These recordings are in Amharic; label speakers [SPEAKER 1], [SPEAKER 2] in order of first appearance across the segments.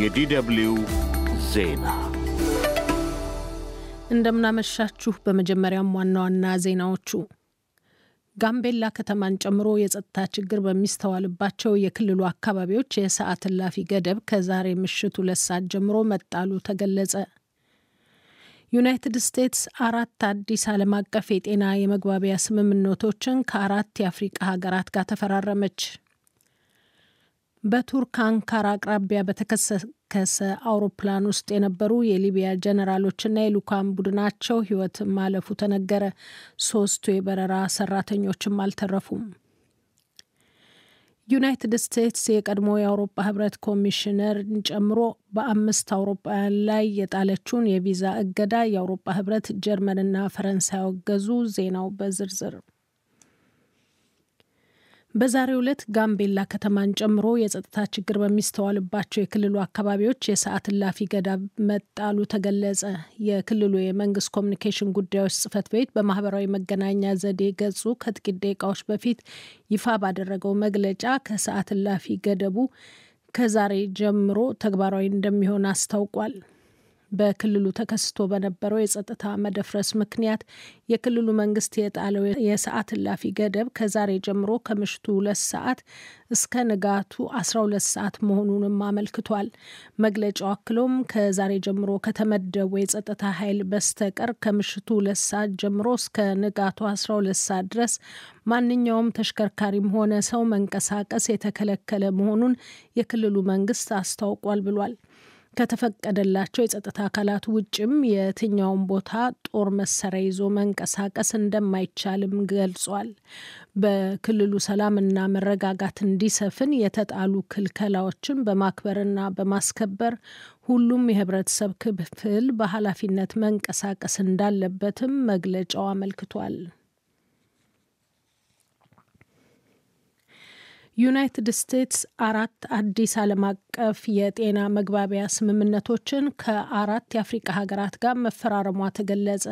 [SPEAKER 1] የዲደብሊው ዜና እንደምናመሻችሁ። በመጀመሪያም ዋና ዋና ዜናዎቹ ጋምቤላ ከተማን ጨምሮ የጸጥታ ችግር በሚስተዋልባቸው የክልሉ አካባቢዎች የሰዓት እላፊ ገደብ ከዛሬ ምሽት ሁለት ሰዓት ጀምሮ መጣሉ ተገለጸ። ዩናይትድ ስቴትስ አራት አዲስ ዓለም አቀፍ የጤና የመግባቢያ ስምምነቶችን ከአራት የአፍሪቃ ሀገራት ጋር ተፈራረመች። በቱርክ አንካራ አቅራቢያ በተከሰከሰ አውሮፕላን ውስጥ የነበሩ የሊቢያ ጀነራሎችና የልዑካን ቡድናቸው ህይወት ማለፉ ተነገረ። ሶስቱ የበረራ ሰራተኞችም አልተረፉም። ዩናይትድ ስቴትስ የቀድሞ የአውሮፓ ህብረት ኮሚሽነርን ጨምሮ በአምስት አውሮፓውያን ላይ የጣለችውን የቪዛ እገዳ የአውሮፓ ህብረት፣ ጀርመንና ፈረንሳይ አወገዙ። ዜናው በዝርዝር በዛሬው ዕለት ጋምቤላ ከተማን ጨምሮ የጸጥታ ችግር በሚስተዋልባቸው የክልሉ አካባቢዎች የሰዓት እላፊ ገደብ መጣሉ ተገለጸ። የክልሉ የመንግስት ኮሚኒኬሽን ጉዳዮች ጽፈት ቤት በማህበራዊ መገናኛ ዘዴ ገጹ ከጥቂት ደቂቃዎች በፊት ይፋ ባደረገው መግለጫ ከሰዓት እላፊ ገደቡ ከዛሬ ጀምሮ ተግባራዊ እንደሚሆን አስታውቋል። በክልሉ ተከስቶ በነበረው የጸጥታ መደፍረስ ምክንያት የክልሉ መንግስት የጣለው የሰዓት እላፊ ገደብ ከዛሬ ጀምሮ ከምሽቱ ሁለት ሰዓት እስከ ንጋቱ 12 ሰዓት መሆኑንም አመልክቷል። መግለጫው አክሎም ከዛሬ ጀምሮ ከተመደቡ የጸጥታ ኃይል በስተቀር ከምሽቱ ሁለት ሰዓት ጀምሮ እስከ ንጋቱ 12 ሰዓት ድረስ ማንኛውም ተሽከርካሪም ሆነ ሰው መንቀሳቀስ የተከለከለ መሆኑን የክልሉ መንግስት አስታውቋል ብሏል። ከተፈቀደላቸው የጸጥታ አካላት ውጭም የትኛውን ቦታ ጦር መሳሪያ ይዞ መንቀሳቀስ እንደማይቻልም ገልጿል። በክልሉ ሰላምና መረጋጋት እንዲሰፍን የተጣሉ ክልከላዎችን በማክበርና በማስከበር ሁሉም የህብረተሰብ ክፍል በኃላፊነት መንቀሳቀስ እንዳለበትም መግለጫው አመልክቷል። ዩናይትድ ስቴትስ አራት አዲስ ዓለም አቀፍ የጤና መግባቢያ ስምምነቶችን ከአራት የአፍሪቃ ሀገራት ጋር መፈራረሟ ተገለጸ።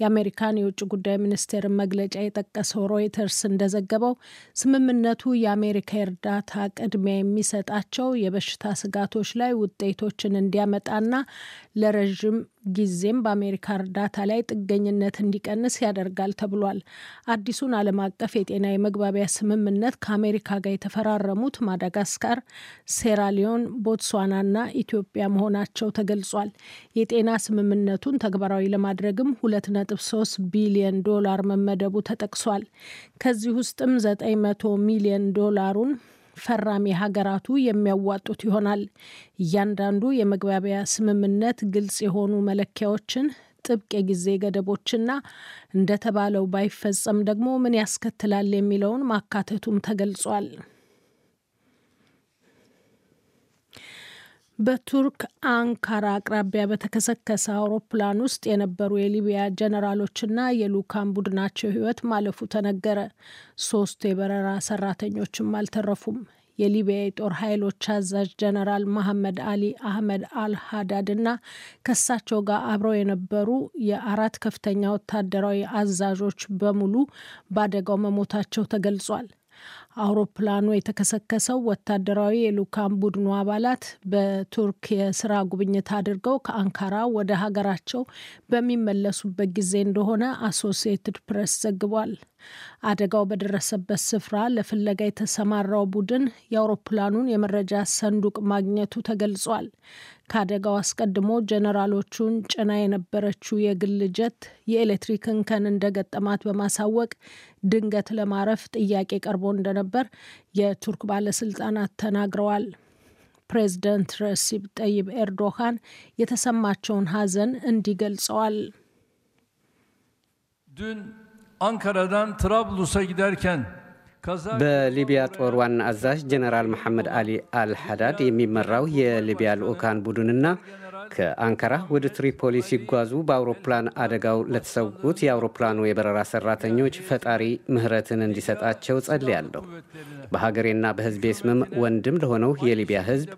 [SPEAKER 1] የአሜሪካን የውጭ ጉዳይ ሚኒስቴር መግለጫ የጠቀሰው ሮይተርስ እንደዘገበው ስምምነቱ የአሜሪካ የእርዳታ ቅድሚያ የሚሰጣቸው የበሽታ ስጋቶች ላይ ውጤቶችን እንዲያመጣና ለረዥም ጊዜም በአሜሪካ እርዳታ ላይ ጥገኝነት እንዲቀንስ ያደርጋል ተብሏል። አዲሱን ዓለም አቀፍ የጤና የመግባቢያ ስምምነት ከአሜሪካ ጋር የተፈራረሙት ማዳጋስካር፣ ሴራሊዮን ኬንያውን፣ ቦትስዋናና ኢትዮጵያ መሆናቸው ተገልጿል። የጤና ስምምነቱን ተግባራዊ ለማድረግም 2.3 ቢሊዮን ዶላር መመደቡ ተጠቅሷል። ከዚህ ውስጥም 900 ሚሊዮን ዶላሩን ፈራሚ ሀገራቱ የሚያዋጡት ይሆናል። እያንዳንዱ የመግባቢያ ስምምነት ግልጽ የሆኑ መለኪያዎችን ጥብቅ የጊዜ ገደቦችና እንደተባለው ባይፈጸም ደግሞ ምን ያስከትላል የሚለውን ማካተቱም ተገልጿል። በቱርክ አንካራ አቅራቢያ በተከሰከሰ አውሮፕላን ውስጥ የነበሩ የሊቢያ ጀነራሎችና የሉካን ቡድናቸው ህይወት ማለፉ ተነገረ። ሶስቱ የበረራ ሰራተኞችም አልተረፉም። የሊቢያ የጦር ኃይሎች አዛዥ ጀነራል መሐመድ አሊ አህመድ አልሃዳድ እና ከሳቸው ጋር አብረው የነበሩ የአራት ከፍተኛ ወታደራዊ አዛዦች በሙሉ በአደጋው መሞታቸው ተገልጿል። አውሮፕላኑ የተከሰከሰው ወታደራዊ የልዑካን ቡድኑ አባላት በቱርክ የስራ ጉብኝት አድርገው ከአንካራ ወደ ሀገራቸው በሚመለሱበት ጊዜ እንደሆነ አሶሲየትድ ፕሬስ ዘግቧል። አደጋው በደረሰበት ስፍራ ለፍለጋ የተሰማራው ቡድን የአውሮፕላኑን የመረጃ ሰንዱቅ ማግኘቱ ተገልጿል። ከአደጋው አስቀድሞ ጀነራሎቹን ጭና የነበረችው የግል ጀት የኤሌክትሪክ እንከን እንደገጠማት በማሳወቅ ድንገት ለማረፍ ጥያቄ ቀርቦ እንደነበር የቱርክ ባለስልጣናት ተናግረዋል። ፕሬዝደንት ረሲብ ጠይብ ኤርዶሃን የተሰማቸውን ሀዘን እንዲህ ገልጸዋል።
[SPEAKER 2] ድን አንካራዳን ትራብሉሰ ጊደርከን በሊቢያ ጦር ዋና አዛዥ ጀነራል መሐመድ አሊ አልሐዳድ የሚመራው የሊቢያ ልዑካን ቡድንና ከአንካራ ወደ ትሪፖሊ ሲጓዙ በአውሮፕላን አደጋው ለተሰዉት የአውሮፕላኑ የበረራ ሰራተኞች ፈጣሪ ምሕረትን እንዲሰጣቸው ጸልያለሁ። በሀገሬና በሕዝቤ ስምም ወንድም ለሆነው የሊቢያ ሕዝብ፣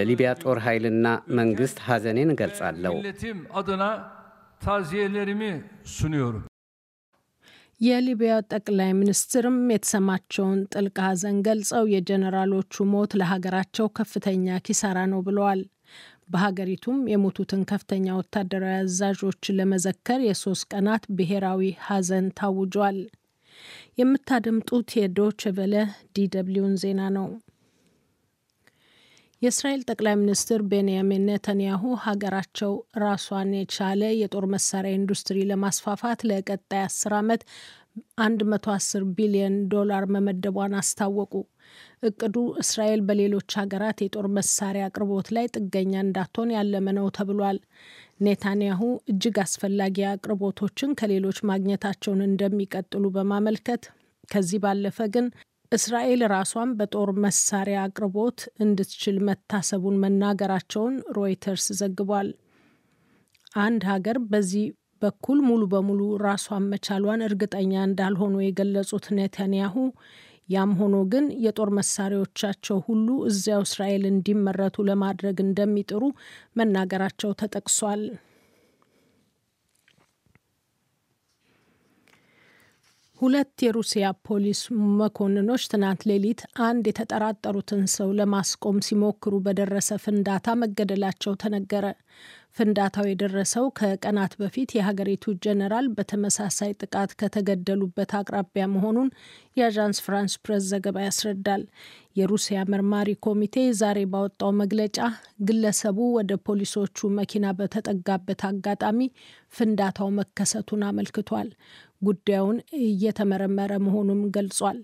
[SPEAKER 2] ለሊቢያ ጦር ኃይልና መንግስት ሐዘኔን እገልጻለሁ።
[SPEAKER 1] የሊቢያ ጠቅላይ ሚኒስትርም የተሰማቸውን ጥልቅ ሐዘን ገልጸው የጀኔራሎቹ ሞት ለሀገራቸው ከፍተኛ ኪሳራ ነው ብለዋል። በሀገሪቱም የሞቱትን ከፍተኛ ወታደራዊ አዛዦች ለመዘከር የሶስት ቀናት ብሔራዊ ሐዘን ታውጇል። የምታደምጡት የዶችቨለ ዲደብሊውን ዜና ነው። የእስራኤል ጠቅላይ ሚኒስትር ቤንያሚን ኔተንያሁ ሀገራቸው ራሷን የቻለ የጦር መሳሪያ ኢንዱስትሪ ለማስፋፋት ለቀጣይ አስር ዓመት 110 ቢሊዮን ዶላር መመደቧን አስታወቁ። እቅዱ እስራኤል በሌሎች ሀገራት የጦር መሳሪያ አቅርቦት ላይ ጥገኛ እንዳትሆን ያለመ ነው ተብሏል። ኔታንያሁ እጅግ አስፈላጊ አቅርቦቶችን ከሌሎች ማግኘታቸውን እንደሚቀጥሉ በማመልከት ከዚህ ባለፈ ግን እስራኤል ራሷን በጦር መሳሪያ አቅርቦት እንድትችል መታሰቡን መናገራቸውን ሮይተርስ ዘግቧል። አንድ ሀገር በዚህ በኩል ሙሉ በሙሉ ራሷን መቻሏን እርግጠኛ እንዳልሆኑ የገለጹት ኔታንያሁ ያም ሆኖ ግን የጦር መሳሪያዎቻቸው ሁሉ እዚያው እስራኤል እንዲመረቱ ለማድረግ እንደሚጥሩ መናገራቸው ተጠቅሷል። ሁለት የሩሲያ ፖሊስ መኮንኖች ትናንት ሌሊት አንድ የተጠራጠሩትን ሰው ለማስቆም ሲሞክሩ በደረሰ ፍንዳታ መገደላቸው ተነገረ። ፍንዳታው የደረሰው ከቀናት በፊት የሀገሪቱ ጀነራል በተመሳሳይ ጥቃት ከተገደሉበት አቅራቢያ መሆኑን የአዣንስ ፍራንስ ፕሬስ ዘገባ ያስረዳል። የሩሲያ መርማሪ ኮሚቴ ዛሬ ባወጣው መግለጫ ግለሰቡ ወደ ፖሊሶቹ መኪና በተጠጋበት አጋጣሚ ፍንዳታው መከሰቱን አመልክቷል። ጉዳዩን እየተመረመረ መሆኑም ገልጿል።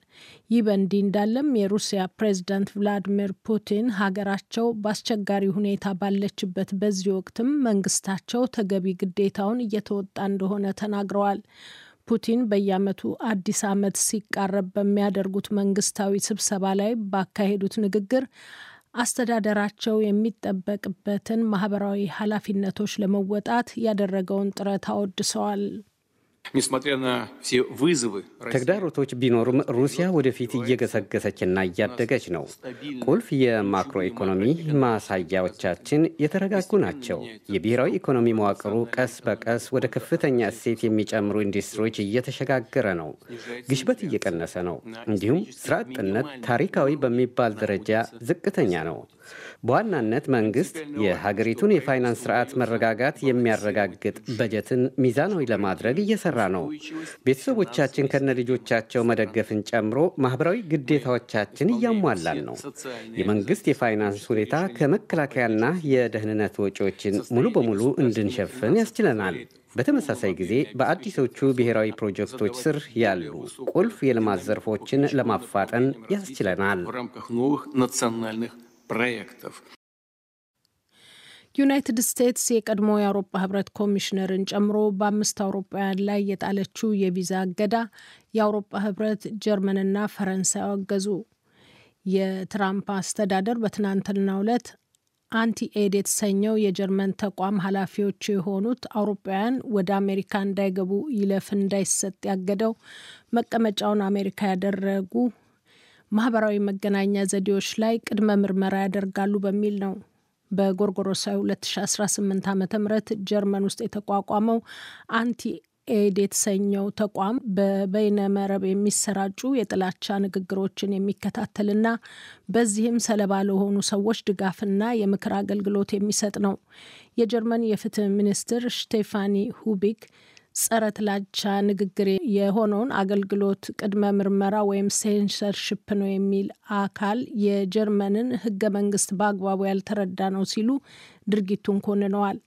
[SPEAKER 1] ይህ በእንዲህ እንዳለም የሩሲያ ፕሬዝዳንት ቭላዲሚር ፑቲን ሀገራቸው በአስቸጋሪ ሁኔታ ባለችበት በዚህ ወቅትም መንግስታቸው ተገቢ ግዴታውን እየተወጣ እንደሆነ ተናግረዋል። ፑቲን በየዓመቱ አዲስ ዓመት ሲቃረብ በሚያደርጉት መንግስታዊ ስብሰባ ላይ ባካሄዱት ንግግር አስተዳደራቸው የሚጠበቅበትን ማህበራዊ ኃላፊነቶች ለመወጣት ያደረገውን ጥረት አወድሰዋል። ተግዳሮቶች
[SPEAKER 2] ሮቶች ቢኖሩም ሩሲያ ወደፊት እየገሰገሰች እየገሰገሰችና እያደገች ነው። ቁልፍ የማክሮ ኢኮኖሚ ማሳያዎቻችን የተረጋጉ ናቸው። የብሔራዊ ኢኮኖሚ መዋቅሩ ቀስ በቀስ ወደ ከፍተኛ እሴት የሚጨምሩ ኢንዱስትሪዎች እየተሸጋገረ ነው። ግሽበት እየቀነሰ ነው። እንዲሁም ስራ ታሪካዊ በሚባል ደረጃ ዝቅተኛ ነው። በዋናነት መንግስት የሀገሪቱን የፋይናንስ ስርዓት መረጋጋት የሚያረጋግጥ በጀትን ሚዛናዊ ለማድረግ እየሰራ ነው። ቤተሰቦቻችን ከነ ልጆቻቸው መደገፍን ጨምሮ ማህበራዊ ግዴታዎቻችን እያሟላን ነው። የመንግስት የፋይናንስ ሁኔታ ከመከላከያና የደህንነት ወጪዎችን ሙሉ በሙሉ እንድንሸፍን ያስችለናል። በተመሳሳይ ጊዜ በአዲሶቹ ብሔራዊ ፕሮጀክቶች ስር ያሉ ቁልፍ የልማት ዘርፎችን ለማፋጠን ያስችለናል። проектов.
[SPEAKER 1] ዩናይትድ ስቴትስ የቀድሞ የአውሮፓ ህብረት ኮሚሽነርን ጨምሮ በአምስት አውሮፓውያን ላይ የጣለችው የቪዛ እገዳ የአውሮፓ ህብረት፣ ጀርመንና ፈረንሳይ አወገዙ። የትራምፕ አስተዳደር በትናንትናው ዕለት ኤድ የተሰኘው የጀርመን ተቋም ኃላፊዎች የሆኑት አውሮፓውያን ወደ አሜሪካ እንዳይገቡ ይለፍ እንዳይሰጥ ያገደው መቀመጫውን አሜሪካ ያደረጉ ማህበራዊ መገናኛ ዘዴዎች ላይ ቅድመ ምርመራ ያደርጋሉ በሚል ነው። በጎርጎሮሳዊ 2018 ዓ ም ጀርመን ውስጥ የተቋቋመው አንቲ ኤድ የተሰኘው ተቋም በበይነ መረብ የሚሰራጩ የጥላቻ ንግግሮችን የሚከታተልና በዚህም ሰለባ ለሆኑ ሰዎች ድጋፍና የምክር አገልግሎት የሚሰጥ ነው። የጀርመን የፍትህ ሚኒስትር ሽቴፋኒ ሁቢክ ጸረ ትላቻ ንግግር የሆነውን አገልግሎት ቅድመ ምርመራ ወይም ሴንሰርሽፕ ነው የሚል አካል የጀርመንን ህገ መንግስት በአግባቡ ያልተረዳ ነው ሲሉ ድርጊቱን ኮንነዋል።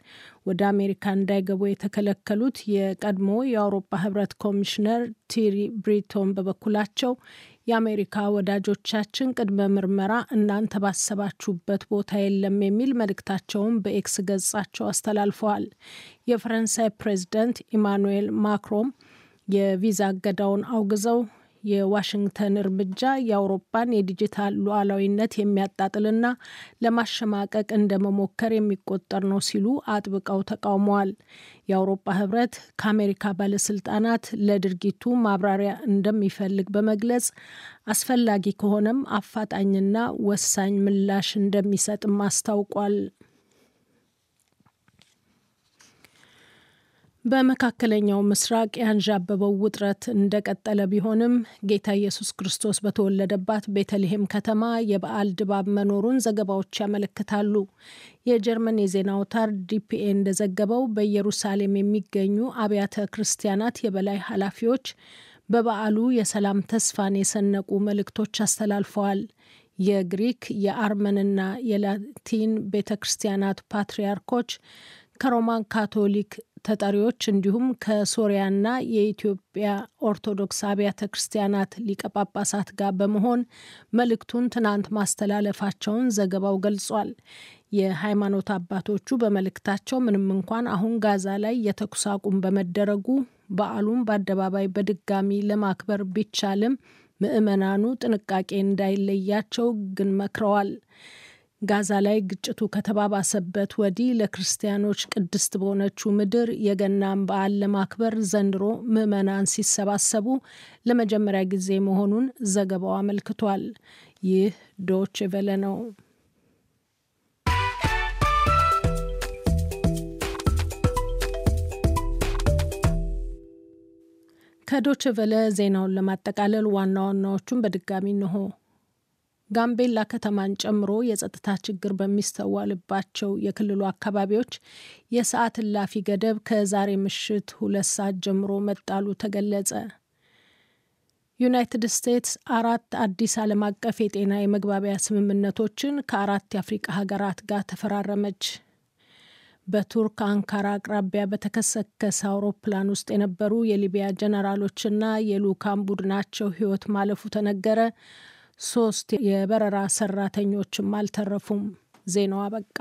[SPEAKER 1] ወደ አሜሪካ እንዳይገቡ የተከለከሉት የቀድሞ የአውሮፓ ህብረት ኮሚሽነር ቲሪ ብሪቶን በበኩላቸው የአሜሪካ ወዳጆቻችን ቅድመ ምርመራ እናንተ ባሰባችሁበት ቦታ የለም የሚል መልእክታቸውን በኤክስ ገጻቸው አስተላልፈዋል። የፈረንሳይ ፕሬዚደንት ኢማኑኤል ማክሮም የቪዛ እገዳውን አውግዘው የዋሽንግተን እርምጃ የአውሮፓን የዲጂታል ሉዓላዊነት የሚያጣጥልና ለማሸማቀቅ እንደመሞከር የሚቆጠር ነው ሲሉ አጥብቀው ተቃውመዋል። የአውሮፓ ህብረት ከአሜሪካ ባለስልጣናት ለድርጊቱ ማብራሪያ እንደሚፈልግ በመግለጽ አስፈላጊ ከሆነም አፋጣኝና ወሳኝ ምላሽ እንደሚሰጥም አስታውቋል። በመካከለኛው ምስራቅ ያንዣበበው ውጥረት እንደቀጠለ ቢሆንም ጌታ ኢየሱስ ክርስቶስ በተወለደባት ቤተልሔም ከተማ የበዓል ድባብ መኖሩን ዘገባዎች ያመለክታሉ። የጀርመን የዜና አውታር ዲፒኤ እንደዘገበው በኢየሩሳሌም የሚገኙ አብያተ ክርስቲያናት የበላይ ኃላፊዎች በበዓሉ የሰላም ተስፋን የሰነቁ መልእክቶች አስተላልፈዋል። የግሪክ የአርመንና የላቲን ቤተ ክርስቲያናት ፓትርያርኮች ከሮማን ካቶሊክ ተጠሪዎች እንዲሁም ከሶሪያና የኢትዮጵያ ኦርቶዶክስ አብያተ ክርስቲያናት ሊቀጳጳሳት ጋር በመሆን መልእክቱን ትናንት ማስተላለፋቸውን ዘገባው ገልጿል። የሃይማኖት አባቶቹ በመልእክታቸው ምንም እንኳን አሁን ጋዛ ላይ የተኩስ አቁም በመደረጉ በዓሉን በአደባባይ በድጋሚ ለማክበር ቢቻልም ምዕመናኑ ጥንቃቄ እንዳይለያቸው ግን መክረዋል። ጋዛ ላይ ግጭቱ ከተባባሰበት ወዲህ ለክርስቲያኖች ቅድስት በሆነችው ምድር የገናን በዓል ለማክበር ዘንድሮ ምዕመናን ሲሰባሰቡ ለመጀመሪያ ጊዜ መሆኑን ዘገባው አመልክቷል። ይህ ዶች ቬለ ነው። ከዶች ቬለ ዜናውን ለማጠቃለል ዋና ዋናዎቹን በድጋሚ እንሆ ጋምቤላ ከተማን ጨምሮ የጸጥታ ችግር በሚስተዋልባቸው የክልሉ አካባቢዎች የሰዓት እላፊ ገደብ ከዛሬ ምሽት ሁለት ሰዓት ጀምሮ መጣሉ ተገለጸ። ዩናይትድ ስቴትስ አራት አዲስ ዓለም አቀፍ የጤና የመግባቢያ ስምምነቶችን ከአራት የአፍሪቃ ሀገራት ጋር ተፈራረመች። በቱርክ አንካራ አቅራቢያ በተከሰከሰ አውሮፕላን ውስጥ የነበሩ የሊቢያ ጀነራሎችና የልዑካን ቡድናቸው ሕይወት ማለፉ ተነገረ። ሶስት የበረራ ሰራተኞችም አልተረፉም። ዜናው አበቃ።